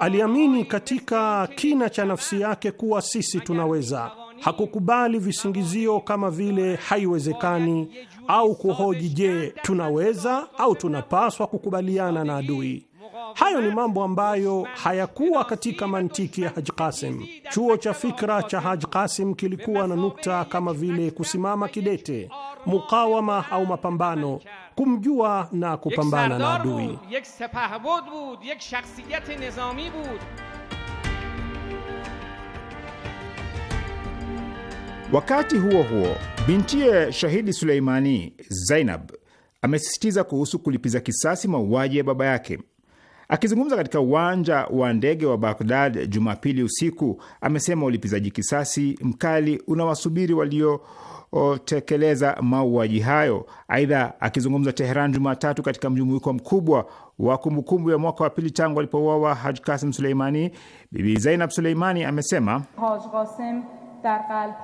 Speaker 6: Aliamini katika kina cha nafsi yake kuwa sisi tunaweza. Hakukubali visingizio kama vile haiwezekani au kuhoji, je, tunaweza au tunapaswa kukubaliana na adui. Hayo ni mambo ambayo hayakuwa katika mantiki ya Haji Qasim. Chuo cha fikra cha Haji Qasim kilikuwa na nukta kama vile kusimama kidete, mukawama au mapambano, kumjua na kupambana na adui.
Speaker 5: Wakati huo huo, bintiye shahidi Suleimani, Zainab, amesisitiza kuhusu kulipiza kisasi mauaji ya baba yake. Akizungumza katika uwanja wa ndege wa Baghdad Jumapili usiku, amesema ulipizaji kisasi mkali unawasubiri walio otekeleza mauaji hayo. Aidha, akizungumza Teheran Jumatatu katika mjumuiko mkubwa wa kumbukumbu ya mwaka wa pili tangu alipouawa Haj Kasim Suleimani, Bibi Zainab Suleimani amesema Haj در قلبها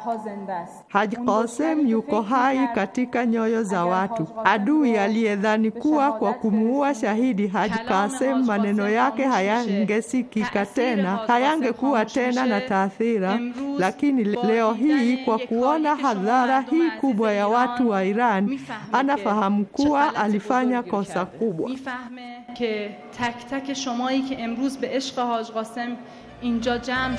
Speaker 5: Haji Qasem yuko hai katika nyoyo za
Speaker 3: watu. Adui aliyedhani kuwa kwa kumuua shahidi Haji Qasem maneno yake hayangesikika tena, hayangekuwa tena na taathira, lakini leo hii kwa kuona hadhara hii kubwa ya watu wa Iran anafahamu kuwa alifanya kosa kubwa.
Speaker 5: که تک تک شمایی که امروز به عشق حاج قاسم اینجا جمع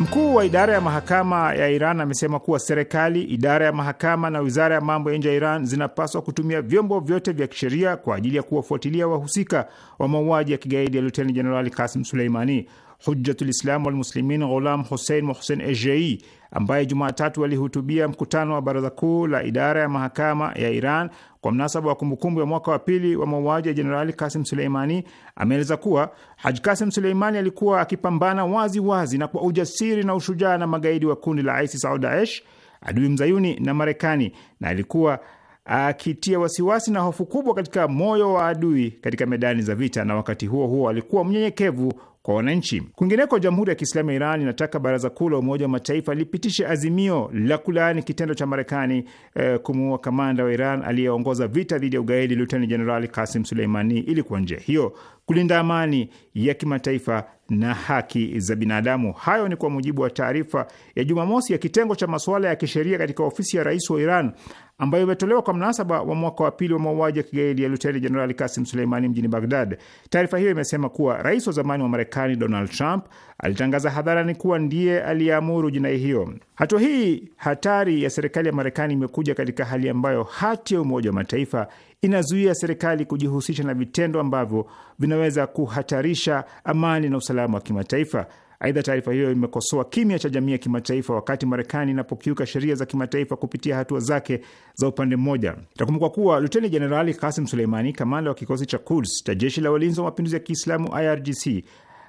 Speaker 5: Mkuu wa idara ya mahakama ya Iran amesema kuwa serikali, idara ya mahakama na wizara ya mambo ya nje ya Iran zinapaswa kutumia vyombo vyote vya kisheria kwa ajili ya kuwafuatilia wahusika wa mauaji ya kigaidi ya Luteni Jenerali Kasim Suleimani. Hujjatul Islam Walmuslimin Ghulam Hussein Mohsen Ejei, ambaye Jumatatu alihutubia mkutano wa baraza kuu la idara ya mahakama ya Iran kwa mnasaba wa kumbukumbu ya mwaka wa pili wa mauaji ya Jenerali Kasim Suleimani, ameeleza kuwa Haji Kasim Suleimani alikuwa akipambana wazi wazi na kwa ujasiri na ushujaa na magaidi wa kundi la ISIS au Daesh, adui mzayuni na Marekani, na alikuwa akitia wasiwasi na hofu kubwa katika moyo wa adui katika medani za vita, na wakati huo huo alikuwa mnyenyekevu kwa wananchi. Kwingineko, Jamhuri ya Kiislamu ya Iran inataka Baraza Kuu la Umoja wa Mataifa lipitishe azimio la kulaani kitendo cha Marekani eh, kumuua kamanda wa Iran aliyeongoza vita dhidi ya ugaidi, Luteni Jenerali Kasim Suleimani, ili kwa njia hiyo kulinda amani ya kimataifa na haki za binadamu. Hayo ni kwa mujibu wa taarifa ya Jumamosi ya kitengo cha masuala ya kisheria katika ofisi ya rais wa Iran ambayo imetolewa kwa mnasaba wa mwaka wa pili wa mauaji ya kigaidi ya luteni jenerali Kasim Suleimani mjini Bagdad. Taarifa hiyo imesema kuwa rais wa zamani wa Marekani Donald Trump alitangaza hadharani kuwa ndiye aliyeamuru jinai hiyo. Hatua hii hatari ya serikali ya Marekani imekuja katika hali ambayo hati ya Umoja wa Mataifa inazuia serikali kujihusisha na vitendo ambavyo vinaweza kuhatarisha amani na usalama wa kimataifa. Aidha, taarifa hiyo imekosoa kimya cha jamii ya kimataifa wakati Marekani inapokiuka sheria za kimataifa kupitia hatua zake za upande mmoja. Itakumbukwa kuwa Luteni Jenerali Kasim Suleimani, kamanda wa kikosi cha Quds cha jeshi la walinzi wa mapinduzi ya Kiislamu IRGC,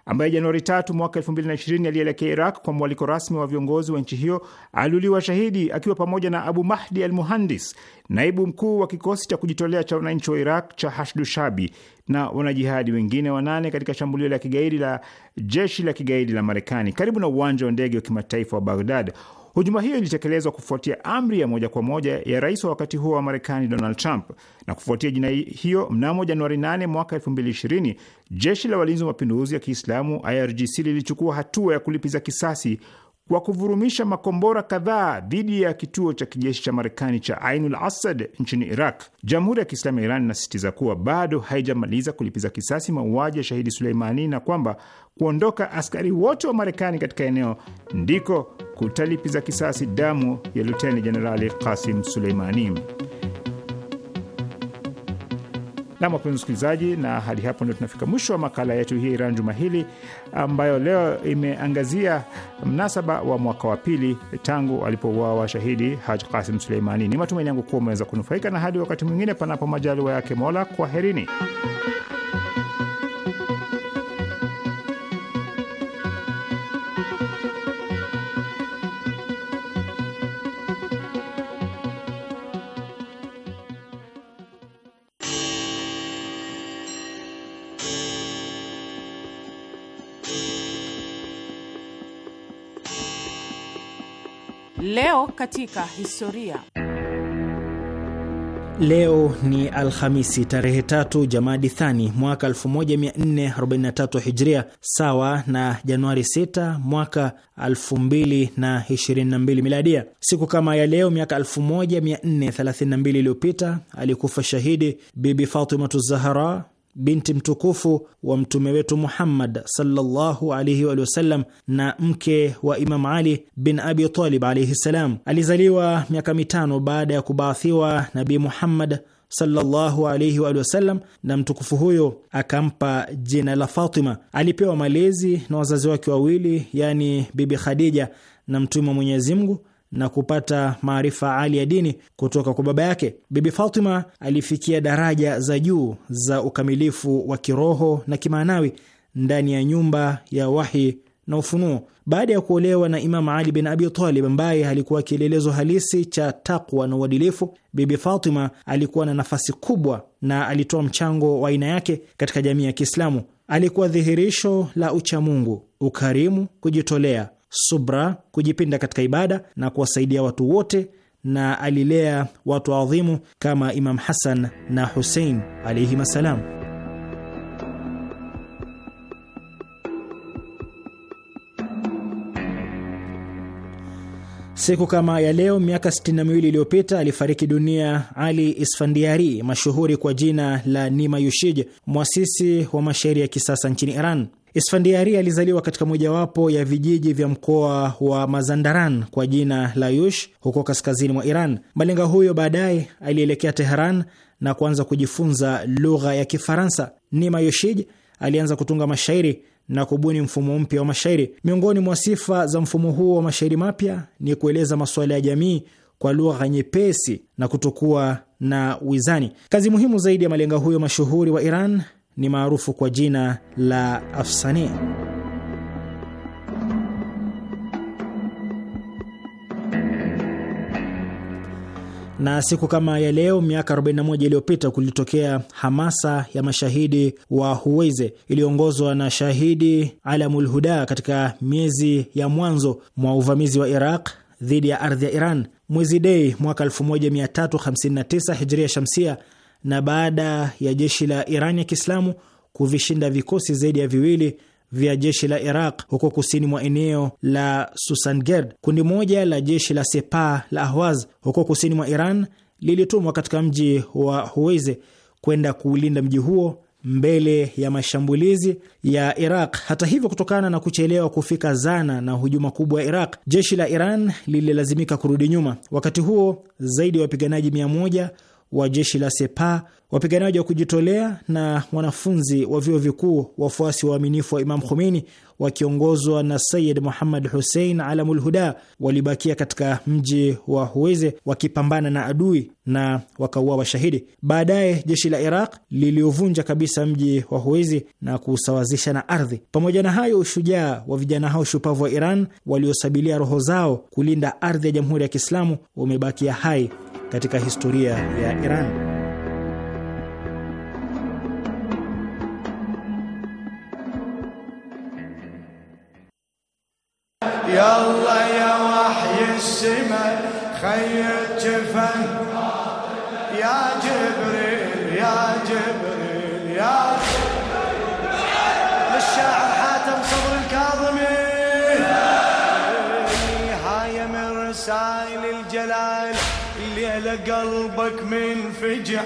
Speaker 5: ambaye Januari tatu mwaka elfu mbili na ishirini alielekea Iraq kwa mwaliko rasmi wa viongozi wa nchi hiyo, aliuliwa shahidi akiwa pamoja na Abu Mahdi al Muhandis, naibu mkuu wa kikosi cha kujitolea cha wananchi wa Iraq cha Hashdu Shabi na wanajihadi wengine wanane katika shambulio la kigaidi la jeshi la kigaidi la Marekani karibu na uwanja wa ndege wa kimataifa wa Baghdad. Hujuma hiyo ilitekelezwa kufuatia amri ya moja kwa moja ya rais wa wakati huo wa Marekani, Donald Trump. Na kufuatia jinai hiyo, mnamo Januari 8 mwaka 2020 jeshi la walinzi wa mapinduzi ya Kiislamu IRGC lilichukua hatua ya kulipiza kisasi kwa kuvurumisha makombora kadhaa dhidi ya kituo cha kijeshi cha Marekani cha Ainul Asad nchini Iraq. Jamhuri ya Kiislamu ya Iran inasisitiza kuwa bado haijamaliza kulipiza kisasi mauaji ya shahidi Suleimani na kwamba kuondoka askari wote wa Marekani katika eneo ndiko kutalipiza kisasi damu ya Luteni Jenerali Kasim Suleimani. Nam, wapenzi msikilizaji, na hadi hapo ndio tunafika mwisho wa makala yetu hii Iran juma hili, ambayo leo imeangazia mnasaba wa mwaka wa pili tangu alipouawa shahidi Haj Kasim Suleimani. Ni matumaini yangu kuwa umeweza kunufaika, na hadi wakati mwingine, panapo majaliwa yake Mola, kwaherini.
Speaker 1: katika historia.
Speaker 7: Leo ni Alhamisi tarehe tatu Jamadi Thani mwaka 1443 Hijria, sawa na Januari 6 mwaka 2022 Miladia. Siku kama ya leo miaka 1432 iliyopita alikufa shahidi Bibi Fatimatu Zahara binti mtukufu wa mtume wetu Muhammad sallallahu alaihi wa sallam na mke wa Imam Ali bin Abi Talib alaihi salam. Alizaliwa miaka mitano baada ya kubaathiwa nabi Muhammad sallallahu alaihi wa sallam, na mtukufu huyo akampa jina la Fatima. Alipewa malezi na wazazi wake wawili, yani Bibi Khadija na Mtume wa Mwenyezi Mungu na kupata maarifa ali ya dini kutoka kwa baba yake. Bibi Fatima alifikia daraja za juu za ukamilifu wa kiroho na kimaanawi ndani ya nyumba ya wahi na ufunuo. Baada ya kuolewa na imamu Ali bin Abi Talib, ambaye alikuwa kielelezo halisi cha takwa na uadilifu, Bibi Fatima alikuwa na nafasi kubwa na alitoa mchango wa aina yake katika jamii ya Kiislamu. Alikuwa dhihirisho la uchamungu, ukarimu, kujitolea subra, kujipinda katika ibada na kuwasaidia watu wote, na alilea watu adhimu kama Imam Hasan na Husein alaihim assalam. Siku kama ya leo miaka 62 iliyopita alifariki dunia Ali Isfandiari, mashuhuri kwa jina la Nima Yushij, mwasisi wa mashairi ya kisasa nchini Iran. Isfandiari alizaliwa katika mojawapo ya vijiji vya mkoa wa Mazandaran kwa jina la Yush huko kaskazini mwa Iran. Malenga huyo baadaye alielekea Teheran na kuanza kujifunza lugha ya Kifaransa. Nima Yushij alianza kutunga mashairi na kubuni mfumo mpya wa mashairi. Miongoni mwa sifa za mfumo huo wa mashairi mapya ni kueleza masuala ya jamii kwa lugha nyepesi na kutokuwa na wizani. Kazi muhimu zaidi ya malenga huyo mashuhuri wa Iran ni maarufu kwa jina la Afsani. Na siku kama ya leo miaka 41 iliyopita kulitokea hamasa ya mashahidi wa huweze iliyoongozwa na shahidi Alamul Huda katika miezi ya mwanzo mwa uvamizi wa Iraq dhidi ya ardhi ya Iran. Mwezi Dei mwaka 1359 Hijria Shamsia na baada ya jeshi la Iran ya Kiislamu kuvishinda vikosi zaidi ya viwili vya jeshi la Iraq huko kusini mwa eneo la Susangerd. Kundi moja la jeshi la Sepa la Ahwaz huko kusini mwa Iran lilitumwa katika mji wa Huweze kwenda kuulinda mji huo mbele ya mashambulizi ya Iraq. Hata hivyo, kutokana na kuchelewa kufika zana na hujuma kubwa ya Iraq, jeshi la Iran lililazimika kurudi nyuma. Wakati huo zaidi ya wapiganaji mia moja wa jeshi la Sepa, wapiganaji wa kujitolea na wanafunzi wa vyuo vikuu, wafuasi wa waaminifu wa Imam Khomeini wakiongozwa na Sayid Muhammad Hussein Alamul Huda walibakia katika mji wa Huweze wakipambana na adui na wakaua washahidi. Baadaye jeshi la Iraq liliovunja kabisa mji wa Huwezi na kuusawazisha na ardhi. Pamoja na hayo, ushujaa wa vijana hao shupavu wa Iran waliosabilia roho zao kulinda ardhi ya Jamhuri ya Kiislamu umebakia hai katika historia ya Iran.
Speaker 4: Yalla Ya wahyi ya
Speaker 3: khayr يرجع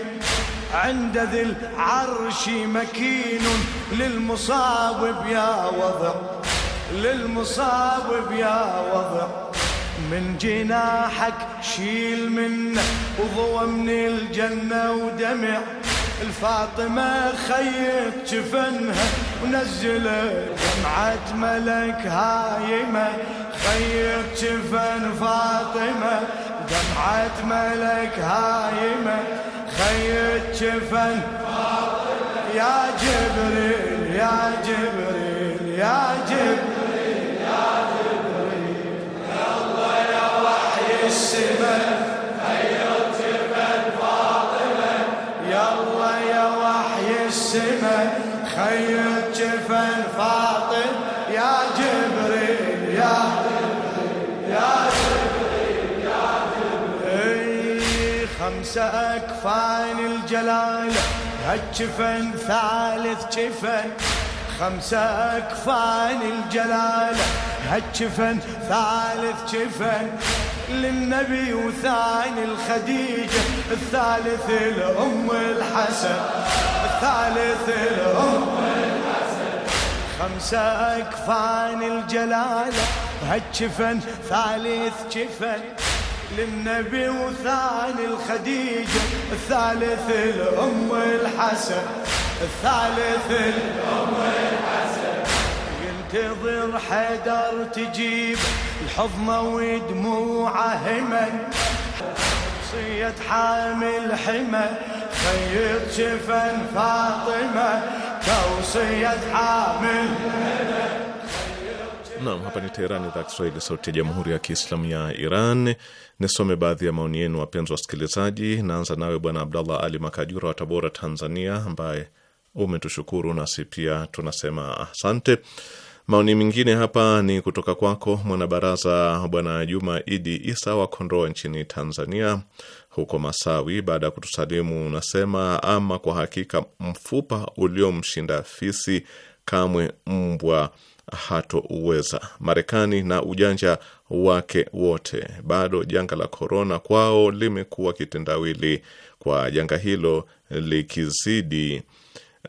Speaker 3: عند ذي العرش مكين للمصاب يا وضع للمصاب يا وضع من جناحك شيل منه وضوى من الجنة ودمع الفاطمة خيط جفنها ونزل دمعة ملك هايمة خيط جفن فاطمة دمعة ملك هايمة خيت شفن يا جبريل يا جبريل يا جبريل يا جبريل يا الله يا وحي السماء خيت شفن فاطمة يا الله يا وحي السماء نساك فان الجلال هالجفن ثالث جفن خمسة أكفان الجلال هالجفن ثالث جفن للنبي وثاني الخديجة الثالث الأم الحسن الثالث الأم الحسن خمسة أكفان الجلال هالجفن ثالث جفن للنبي وثاني الخديجة الثالث الأم الحسن الثالث الأم الحسن ينتظر حدر تجيب الحضمة ودموع همن شخصية حامل حمى خيط شفن فاطمة توصية حامل حمى
Speaker 2: Naam, hapa ni Teherani, idhaa Kiswahili, sauti ya jamhuri ya kiislamu ya Iran. Nisome baadhi ya maoni yenu, wapenzi wasikilizaji. Naanza nawe Bwana Abdallah Ali Makajura wa Tabora, Tanzania, ambaye umetushukuru nasi pia tunasema asante. Maoni mengine hapa ni kutoka kwako mwanabaraza Bwana Juma Idi Isa wa Kondoa nchini Tanzania, huko Masawi. Baada ya kutusalimu, unasema ama kwa hakika mfupa uliomshinda fisi kamwe mbwa hatoweza. Marekani na ujanja wake wote, bado janga la korona kwao limekuwa kitendawili, kwa janga hilo likizidi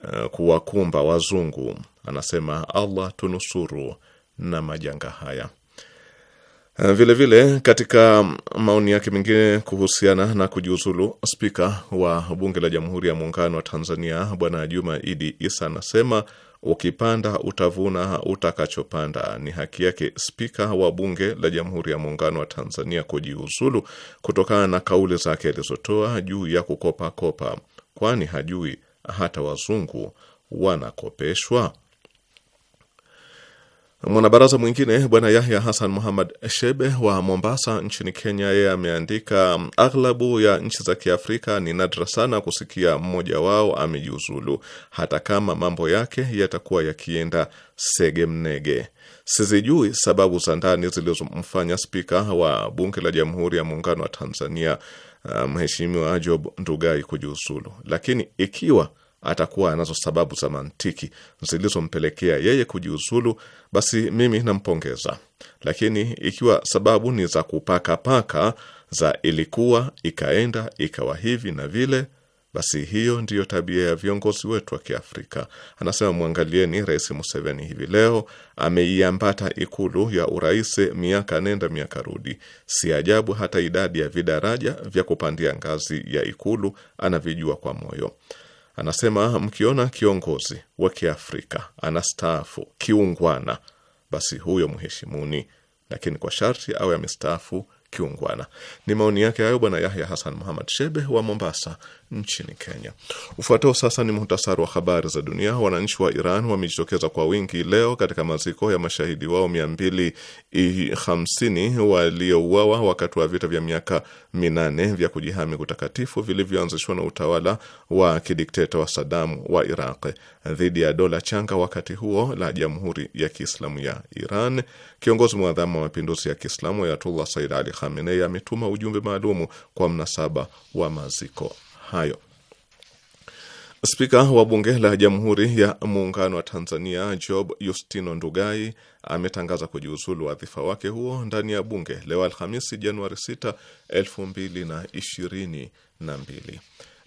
Speaker 2: uh, kuwakumba wazungu. Anasema Allah tunusuru na majanga haya. Vilevile eh, vile, katika maoni yake mengine kuhusiana na kujiuzulu spika wa bunge la Jamhuri ya Muungano wa Tanzania Bwana Juma Idi Isa anasema ukipanda utavuna utakachopanda. Ni haki yake Spika wa Bunge la Jamhuri ya Muungano wa Tanzania kujiuzulu kutokana na kauli zake alizotoa juu ya kukopakopa, kwani hajui hata wazungu wanakopeshwa. Mwanabaraza mwingine bwana Yahya Hassan Muhammad Shebe wa Mombasa nchini Kenya, yeye ameandika, aghlabu ya nchi za Kiafrika ni nadra sana kusikia mmoja wao amejiuzulu, hata kama mambo yake yatakuwa yakienda sege mnege Sizijui sababu za ndani zilizomfanya spika wa bunge la Jamhuri ya Muungano wa Tanzania eh, mheshimiwa um, Job Ndugai kujiuzulu, lakini ikiwa atakuwa anazo sababu za mantiki zilizompelekea yeye kujiuzulu, basi mimi nampongeza. Lakini ikiwa sababu ni za kupakapaka za ilikuwa, ikaenda, ikawa hivi na vile, basi hiyo ndiyo tabia ya viongozi wetu wa Kiafrika. Anasema, mwangalieni Rais Museveni hivi leo ameiambata ikulu ya urais miaka nenda miaka rudi. Si ajabu hata idadi ya vidaraja vya kupandia ngazi ya ikulu anavijua kwa moyo. Anasema mkiona kiongozi wa Kiafrika anastaafu kiungwana, basi huyo mheshimuni, lakini kwa sharti awe amestaafu kiungwana. Ni maoni yake hayo Bwana Yahya Hasan Muhamad Shebe wa Mombasa, nchini Kenya. Ufuatao sasa ni muhtasari wa habari za dunia. Wananchi wa Iran wamejitokeza kwa wingi leo katika maziko ya mashahidi wao 250 waliouawa wakati wa vita vya miaka minane vya kujihami kutakatifu vilivyoanzishwa na utawala wa kidikteta wa Sadamu wa Iraq dhidi ya dola changa wakati huo la Jamhuri ya Kiislamu ya Iran. Kiongozi mwadhamu wa mapinduzi ya Kiislamu Ayatullah Said Ali Khamenei ametuma ujumbe maalumu kwa mnasaba wa maziko hayo. Spika wa Bunge la Jamhuri ya Muungano wa Tanzania Job Yustino Ndugai ametangaza kujiuzulu wadhifa wake huo ndani ya Bunge leo Alhamisi, Januari 6, 2022.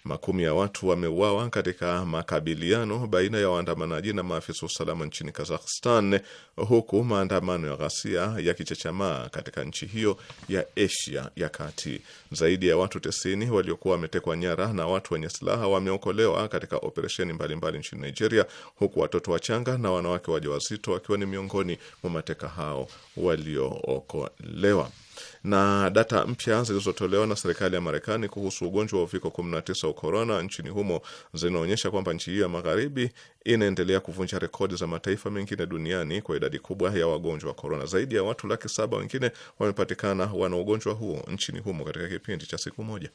Speaker 2: Makumi ya watu wameuawa katika makabiliano baina ya waandamanaji na maafisa usalama nchini Kazakhstan, huku maandamano ya ghasia yakichechamaa katika nchi hiyo ya Asia ya Kati. Zaidi ya watu tisini waliokuwa wametekwa nyara na watu wenye silaha wameokolewa katika operesheni mbalimbali nchini Nigeria, huku watoto wachanga na wanawake wajawazito wakiwa ni miongoni mwa mateka hao waliookolewa na data mpya zilizotolewa na serikali ya Marekani kuhusu ugonjwa wa uviko 19 wa korona nchini humo zinaonyesha kwamba nchi hiyo ya magharibi inaendelea kuvunja rekodi za mataifa mengine duniani kwa idadi kubwa ya wagonjwa wa korona. Zaidi ya watu laki saba wengine wamepatikana wana ugonjwa huo nchini humo katika kipindi cha siku moja.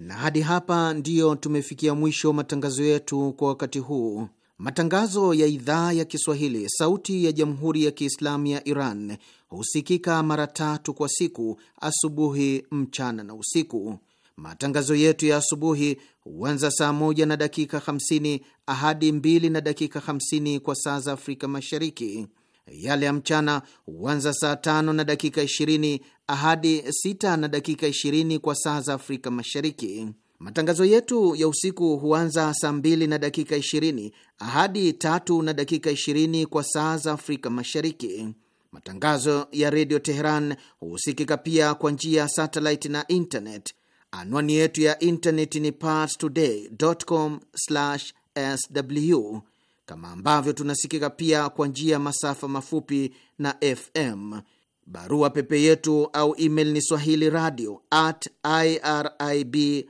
Speaker 4: Na hadi hapa ndiyo tumefikia mwisho matangazo yetu kwa wakati huu. Matangazo ya idhaa ya Kiswahili, sauti ya jamhuri ya kiislamu ya Iran husikika mara tatu kwa siku: asubuhi, mchana na usiku. Matangazo yetu ya asubuhi huanza saa moja na dakika 50 hadi 2 na dakika 50 kwa saa za Afrika Mashariki. Yale ya mchana huanza saa tano na dakika 20 hadi 6 na dakika 20 kwa saa za Afrika Mashariki. Matangazo yetu ya usiku huanza saa mbili na dakika 20 hadi tatu na dakika 20 kwa saa za Afrika Mashariki. Matangazo ya redio Teheran husikika pia kwa njia ya satellite na internet. Anwani yetu ya internet ni parstoday.com/sw, kama ambavyo tunasikika pia kwa njia ya masafa mafupi na FM. Barua pepe yetu au email ni swahili radio at irib ir.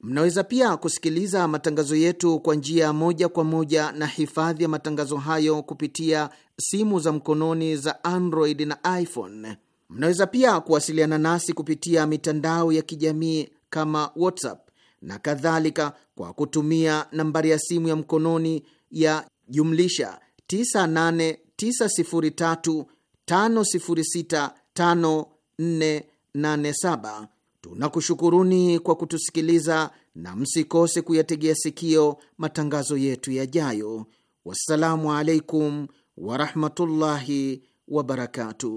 Speaker 4: Mnaweza pia kusikiliza matangazo yetu kwa njia moja kwa moja na hifadhi ya matangazo hayo kupitia simu za mkononi za Android na iPhone. Mnaweza pia kuwasiliana nasi kupitia mitandao ya kijamii kama WhatsApp na kadhalika kwa kutumia nambari ya simu ya mkononi ya jumlisha 989035065487. Tunakushukuruni kwa kutusikiliza na msikose kuyategea sikio matangazo yetu yajayo. Wassalamu alaikum ورحمه الله وبركاته